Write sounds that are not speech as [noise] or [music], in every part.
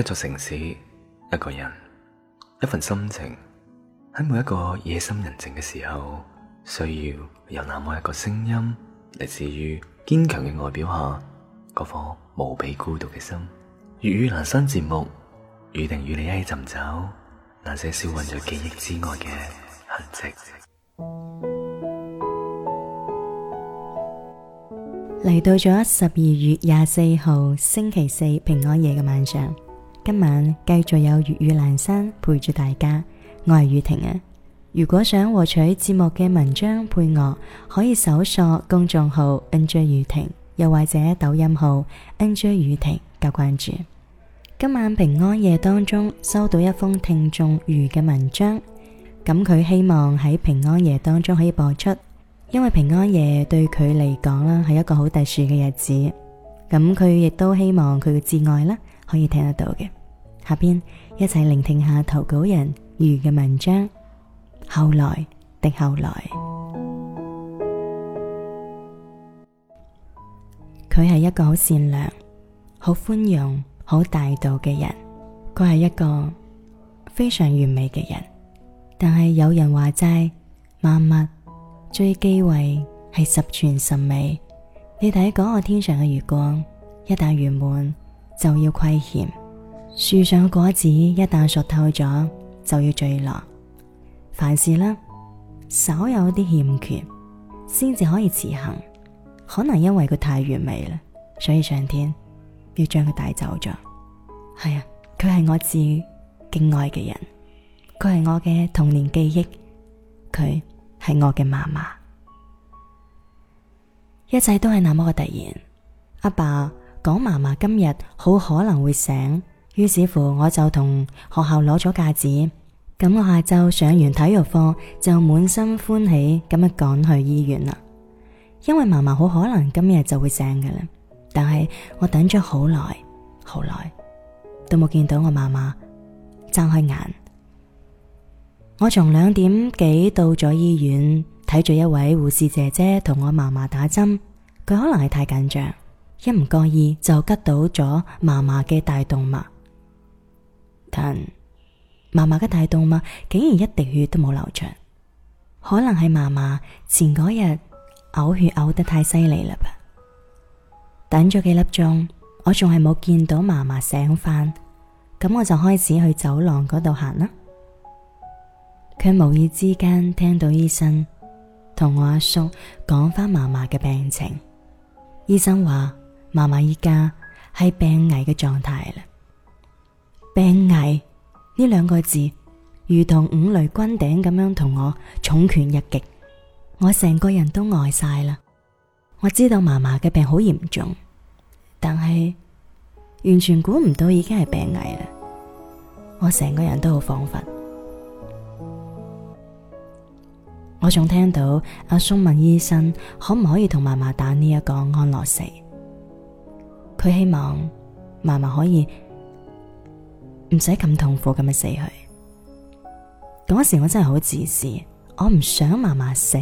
一座城市，一個人，一份心情。喺每一個夜深人靜嘅時候，需要有那麼一個聲音，嚟自於堅強嘅外表下，嗰顆無比孤獨嘅心。粵語闌珊節目，預定與你一起尋找，那些消隱在記憶之外嘅痕跡。嚟到咗十二月廿四號星期四平安夜嘅晚上。今晚繼續有粵語闌珊陪住大家，我係宇婷啊！如果想獲取節目嘅文章配樂，可以搜索公眾號 NJ 宇婷，又或者抖音號 NJ 宇婷加關注。今晚平安夜當中收到一封聽眾瑜嘅文章，咁佢希望喺平安夜當中可以播出，因為平安夜對佢嚟講啦係一個好特殊嘅日子，咁佢亦都希望佢嘅摯愛啦。可以聽得到嘅，下邊一齊聆聽下投稿人瑜嘅文章。後來的後來，佢係 [music] 一個好善良、好寬容、好大度嘅人。佢係一個非常完美嘅人，但係有人話齋萬物最忌諱係十全十美。你睇嗰個天上嘅月光，一旦圓滿，就要虧欠，樹上嘅果子一旦熟透咗，就要墜落。凡事啦，稍有啲欠缺，先至可以持恆。可能因為佢太完美啦，所以上天要將佢帶走咗。係啊，佢係我最敬愛嘅人，佢係我嘅童年記憶，佢係我嘅嫲嫲。一切都係那麼嘅突然，阿爸，爸。講嫲嫲今日好可能會醒，於是乎我就同學校攞咗假紙。咁我下晝上完體育課就滿心歡喜咁樣趕去醫院啦。因為嫲嫲好可能今日就會醒嘅啦，但係我等咗好耐，好耐都冇見到我嫲嫲睜開眼。我從兩點幾到咗醫院，睇住一位護士姐姐同我嫲嫲打針，佢可能係太緊張。一唔覺意就吉到咗嫲嫲嘅大動脈，但嫲嫲嘅大動脈竟然一滴血都冇流出，可能係嫲嫲前嗰日嘔血嘔得太犀利啦吧？等咗幾粒鐘，我仲係冇見到嫲嫲醒翻，咁我就開始去走廊嗰度行啦。佢無意之間聽到醫生同我阿叔講翻嫲嫲嘅病情，醫生話。嫲嫲依家係病危嘅狀態啦，病危呢兩個字如同五雷轟頂咁樣同我重拳一擊，我成個人都呆晒啦。我知道嫲嫲嘅病好嚴重，但係完全估唔到已經係病危啦。我成個人都好恍惚，我仲聽到阿、啊、松問醫生可唔可以同嫲嫲打呢一個安樂死。佢希望嫲嫲可以唔使咁痛苦咁樣死去。嗰時我真係好自私，我唔想嫲嫲死，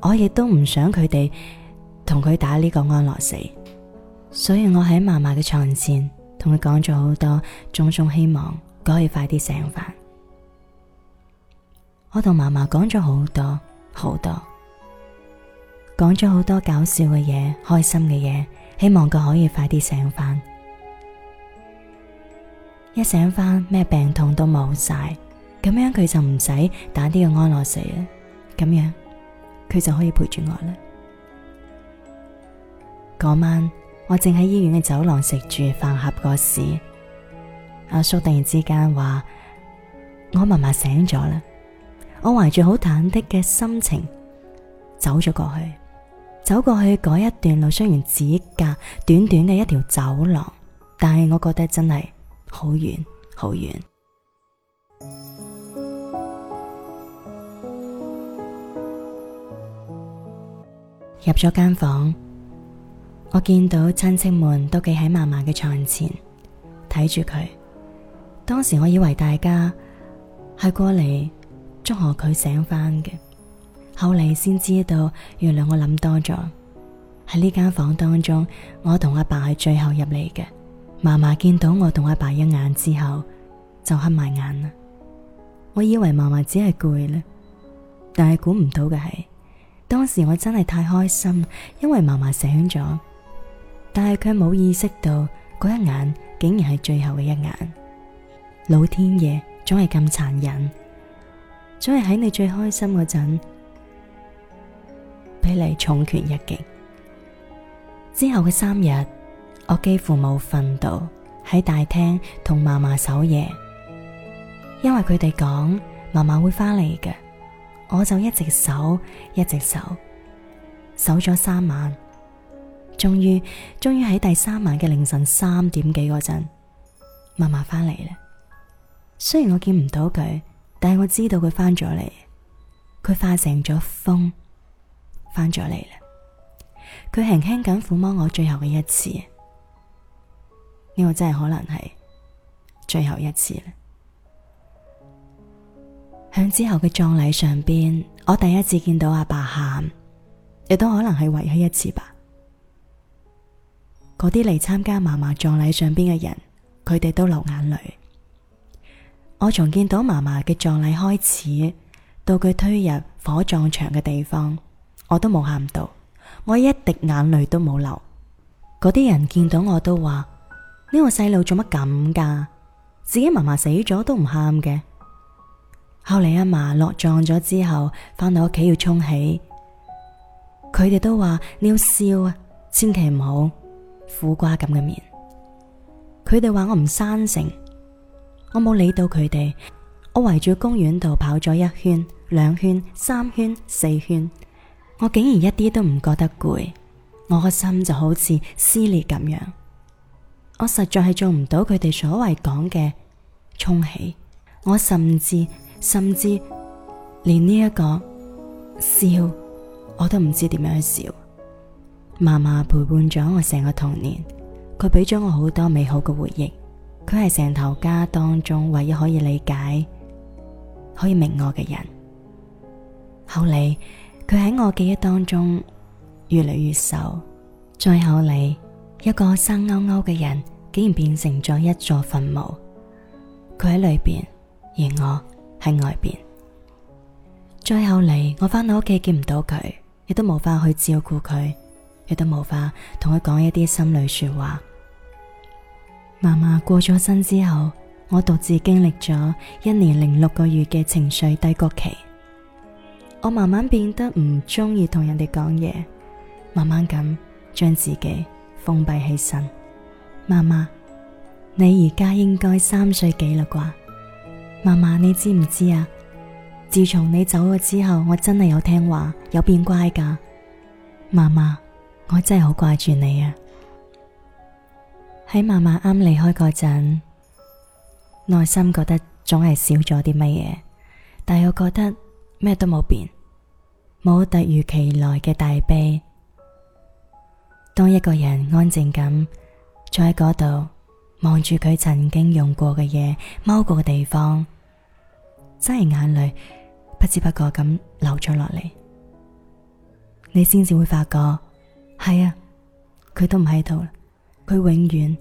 我亦都唔想佢哋同佢打呢個安樂死。所以我喺嫲嫲嘅床前同佢講咗好多種種希望，可以快啲醒返。我同嫲嫲講咗好多好多，講咗好多搞笑嘅嘢、開心嘅嘢。希望佢可以快啲醒翻，一醒翻咩病痛都冇晒，咁樣佢就唔使打啲嘅安樂死啦。咁樣佢就可以陪住我啦。嗰 [noise] 晚我正喺醫院嘅走廊食住飯盒個時，阿叔突然之間話我嫲嫲醒咗啦，我懷住好忐忑嘅心情走咗過去。走過去嗰一段路，雖然只隔短短嘅一條走廊，但係我覺得真係好遠好遠。入咗間房，我見到親戚們都企喺嫲嫲嘅床前睇住佢。當時我以為大家係過嚟祝賀佢醒翻嘅。後嚟先知道，原來我諗多咗。喺呢間房當中，我同阿爸係最後入嚟嘅。嫲嫲見到我同阿爸一眼之後，就黑埋眼啦。我以為嫲嫲只係攰啦，但係估唔到嘅係，當時我真係太開心，因為嫲嫲醒咗，但係佢冇意識到嗰一眼竟然係最後嘅一眼。老天爺總係咁殘忍，總係喺你最開心嗰陣。俾你重拳一擊，之後嘅三日，我幾乎冇瞓到，喺大廳同嫲嫲守夜，因為佢哋講嫲嫲會翻嚟嘅，我就一直守，一直守，守咗三晚，終於，終於喺第三晚嘅凌晨三點幾嗰陣，嫲嫲翻嚟啦。雖然我見唔到佢，但係我知道佢翻咗嚟，佢化成咗風。翻咗嚟啦！佢輕輕咁撫摸我，最後嘅一次，呢個真係可能係最後一次啦。響之後嘅葬禮上邊，我第一次見到阿爸喊，亦都可能係唯一一次吧。嗰啲嚟參加嫲嫲葬禮上邊嘅人，佢哋都流眼淚。我從見到嫲嫲嘅葬禮開始，到佢推入火葬場嘅地方。我都冇喊到，我一滴眼淚都冇流。嗰啲人見到我都話呢、 [noise] 這個細路做乜咁噶？自己嫲嫲死咗都唔喊嘅。後嚟阿嫲落葬咗之後，翻到屋企要沖喜。佢哋都話你要笑啊，千祈唔好苦瓜咁嘅面。佢哋話我唔生性，我冇理到佢哋。我圍住公園度跑咗一圈、兩圈、三圈、四圈。我竟然一啲都唔覺得攰，我個心就好似撕裂咁樣。我實在係做唔到佢哋所謂講嘅沖喜，我甚至甚至連呢一個笑我都唔知點樣笑。嫲嫲陪伴咗我成個童年，佢俾咗我好多美好嘅回憶，佢係成頭家當中唯一可以理解、可以明我嘅人。後嚟。佢喺我記憶當中越嚟越瘦，再後嚟一個生勾勾嘅人，竟然變成咗一座墳墓。佢喺裏邊，而我喺外邊。再後嚟，我翻到屋企見唔到佢，亦都無法去照顧佢，亦都無法同佢講一啲心裏說話。嫲嫲過咗身之後，我獨自經歷咗一年零六個月嘅情緒低谷期。我慢慢變得唔中意同人哋講嘢，慢慢咁將自己封閉起身。媽媽，你而家應該三歲幾啦啩？媽媽，你知唔知啊？自從你走咗之後，我真係有聽話，有變乖噶。媽媽，我真係好掛住你啊！喺媽媽啱離開嗰陣，內心覺得總係少咗啲乜嘢，但我覺得咩都冇變。冇突如其來嘅大悲。當一個人安靜咁坐喺嗰度，望住佢曾經用過嘅嘢、踎過嘅地方，真係眼淚不知不覺咁流咗落嚟。你先至會發覺，係啊，佢都唔喺度，佢永遠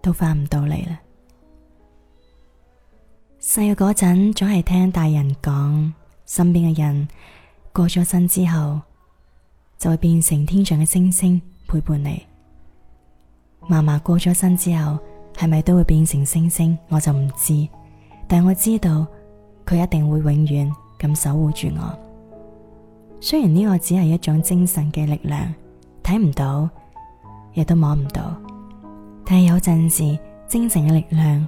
都翻唔到嚟啦。細個嗰陣，總係聽大人講身邊嘅人。過咗身之後，就會變成天上嘅星星陪伴你。嫲嫲過咗身之後，係咪都會變成星星？我就唔知。但我知道佢一定會永遠咁守護住我。雖然呢個只係一種精神嘅力量，睇唔到，亦都摸唔到，但係有陣時，精神嘅力量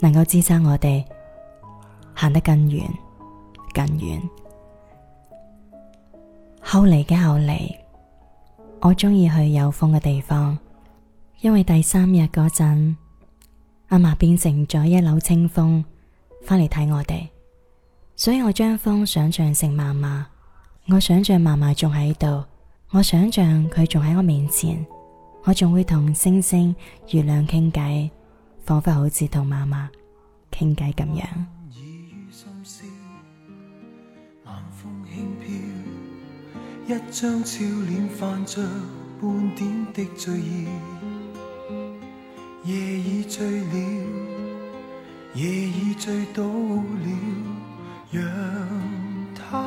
能夠支撐我哋行得更遠、更遠。後嚟嘅後嚟，我鍾意去有風嘅地方，因為第三日嗰陣，阿嫲變成咗一縷清風，翻嚟睇我哋，所以我將風想象成嫲嫲，我想象嫲嫲仲喺度，我想象佢仲喺我面前，我仲會同星星、月亮傾偈，仿佛好似同嫲嫲傾偈咁樣。一張俏臉，泛着半點的醉意，夜已醉了，夜已醉倒了，讓它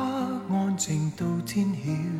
安靜到天曉。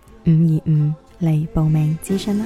五二五嚟報名諮詢啦！